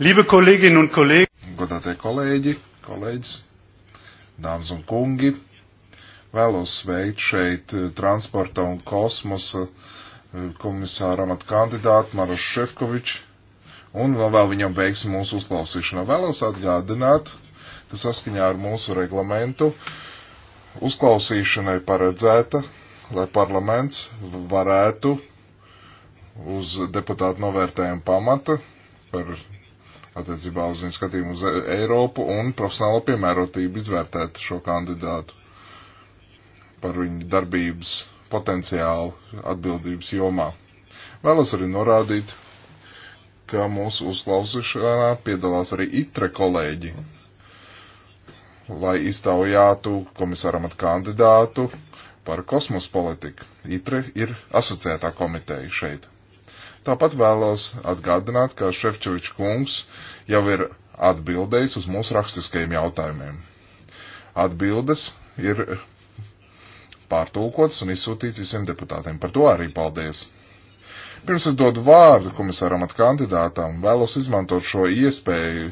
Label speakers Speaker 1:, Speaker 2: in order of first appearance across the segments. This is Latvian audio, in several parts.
Speaker 1: Liebe Kolleginnen un Kollegen, godātie kolēģi, kolēģis, dāmas un kungi, vēlos sveikt šeit eh, transporta un kosmosa eh, komisāra amata kandidātu Marošu Šefkoviču un vēl, vēl viņam veiksim mūsu uzklausīšanā. Vēlos atgādināt, ka saskaņā ar mūsu reglamentu uzklausīšanai paredzēta, lai parlaments varētu uz deputātu novērtējumu pamata par attiecībā uz viņu skatījumu uz Eiropu un profesionālo piemērotību izvērtēt šo kandidātu par viņu darbības potenciālu atbildības jomā. Vēlos arī norādīt, ka mūsu uzklausīšanā piedalās arī itre kolēģi, lai iztaujātu komisāram at kandidātu par kosmos politiku. Itre ir asociētā komiteja šeit. Tāpat vēlos atgādināt, ka Šefčovičs kungs jau ir atbildējis uz mūsu rakstiskajiem jautājumiem. Atbildes ir pārtulkots un izsūtīts visiem deputātiem. Par to arī paldies! Pirms es dodu vārdu komisāram at kandidātam, vēlos izmantot šo iespēju,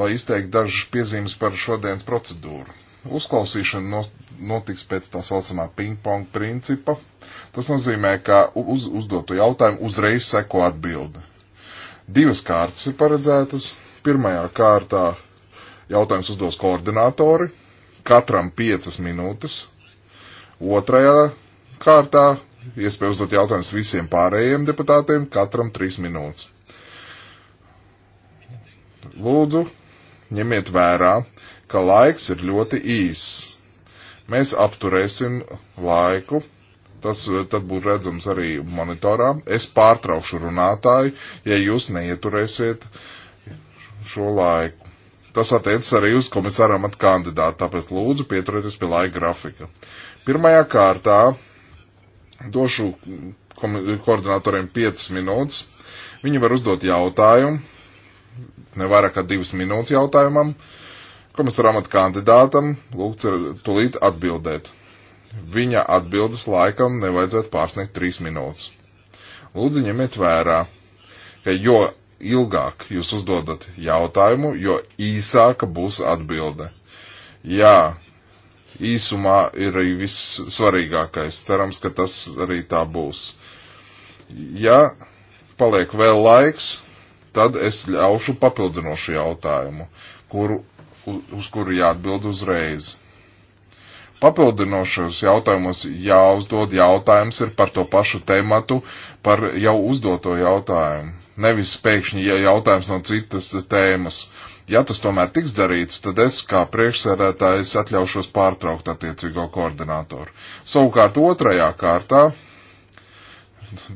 Speaker 1: lai izteiktu dažas piezīmes par šodienas procedūru. Uzklausīšana notiks pēc tā saucamā ping-pong principa. Tas nozīmē, ka uz uzdotu jautājumu uzreiz seko atbildi. Divas kārtas ir paredzētas. Pirmajā kārtā jautājums uzdos koordinātori, katram piecas minūtes. Otrajā kārtā iespēja uzdot jautājumus visiem pārējiem deputātiem, katram trīs minūtes. Lūdzu, ņemiet vērā, ka laiks ir ļoti īss. Mēs apturēsim laiku, tas eh, tad būs redzams arī monitorā. Es pārtraukšu runātāju, ja jūs neieturēsiet šo laiku. Tas attiecas arī uz komisāra amata kandidātu, tāpēc lūdzu pieturieties pie laika grafika. Pirmajā kārtā došu koordinatoriem 5 minūtes. Viņi var uzdot jautājumu, nevairāk kā divas minūtes jautājumam. Komisāra amata kandidātam lūgts tulīt atbildēt. Viņa atbildes laikam nevajadzētu pārsniegt trīs minūtes. Lūdzu, ņemiet vērā, ka jo ilgāk jūs uzdodat jautājumu, jo īsāka būs atbilde. Jā, īsumā ir arī viss svarīgākais. Cerams, ka tas arī tā būs. Ja paliek vēl laiks, tad es ļaušu papildinošu jautājumu, kuru, uz kuru jāatbild uzreiz. Papildinošos jautājumos jāuzdod jautājums ir par to pašu tematu, par jau uzdoto jautājumu. Nevis pēkšņi jautājums no citas tēmas. Ja tas tomēr tiks darīts, tad es kā priekšsēdētājs atļaušos pārtraukt attiecīgo koordinātoru. Savukārt otrajā kārtā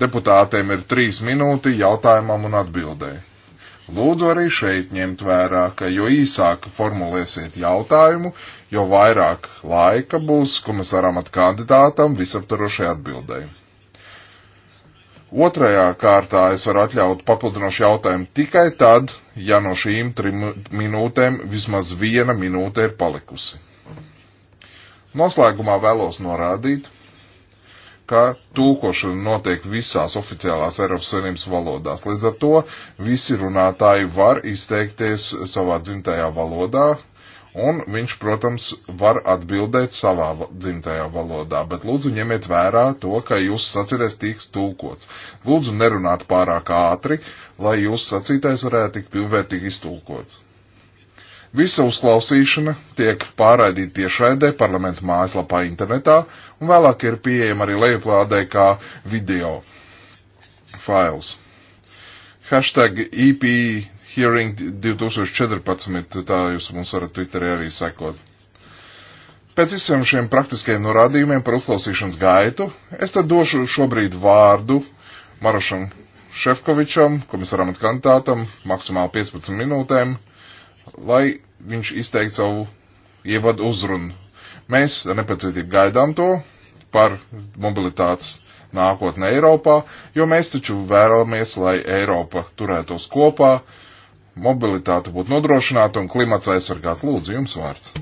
Speaker 1: deputātiem ir trīs minūti jautājumam un atbildēji. Lūdzu arī šeit ņemt vērā, ka jo īsāk formulēsiet jautājumu, jo vairāk laika būs komisāram at kandidātam visaptarošai atbildēji. Otrajā kārtā es varu atļaut papildinošu jautājumu tikai tad, ja no šīm trim minūtēm vismaz viena minūte ir palikusi. Noslēgumā vēlos norādīt, ka tūkošana notiek visās oficiālās Eiropas Savienības valodās. Līdz ar to visi runātāji var izteikties savā dzimtajā valodā, un viņš, protams, var atbildēt savā dzimtajā valodā, bet lūdzu ņemiet vērā to, ka jūsu sacītais tiks tulkots. Lūdzu nerunāt pārāk ātri, lai jūsu sacītais varētu tikt pilnvērtīgi iztulkots. Visa uzklausīšana tiek pārraidīta tiešraidē parlamentu mājaslapā internetā un vēlāk ir pieejama arī lejuplādē kā video fails. Hashtag EP Hearing 2014, tā jūs mums varat Twitterī arī sekot. Pēc visiem šiem praktiskajiem norādījumiem par uzklausīšanas gaitu, es tad došu šobrīd vārdu Marošam Šefkovičam, komisaram un kantātam, maksimāli 15 minūtēm lai viņš izteikt savu ievadu uzrunu. Mēs ar nepacietību gaidām to par mobilitātes nākotne Eiropā, jo mēs taču vēlamies, lai Eiropa turētos kopā, mobilitāte būtu nodrošināta un klimats aizsargāts. Lūdzu, jums vārds.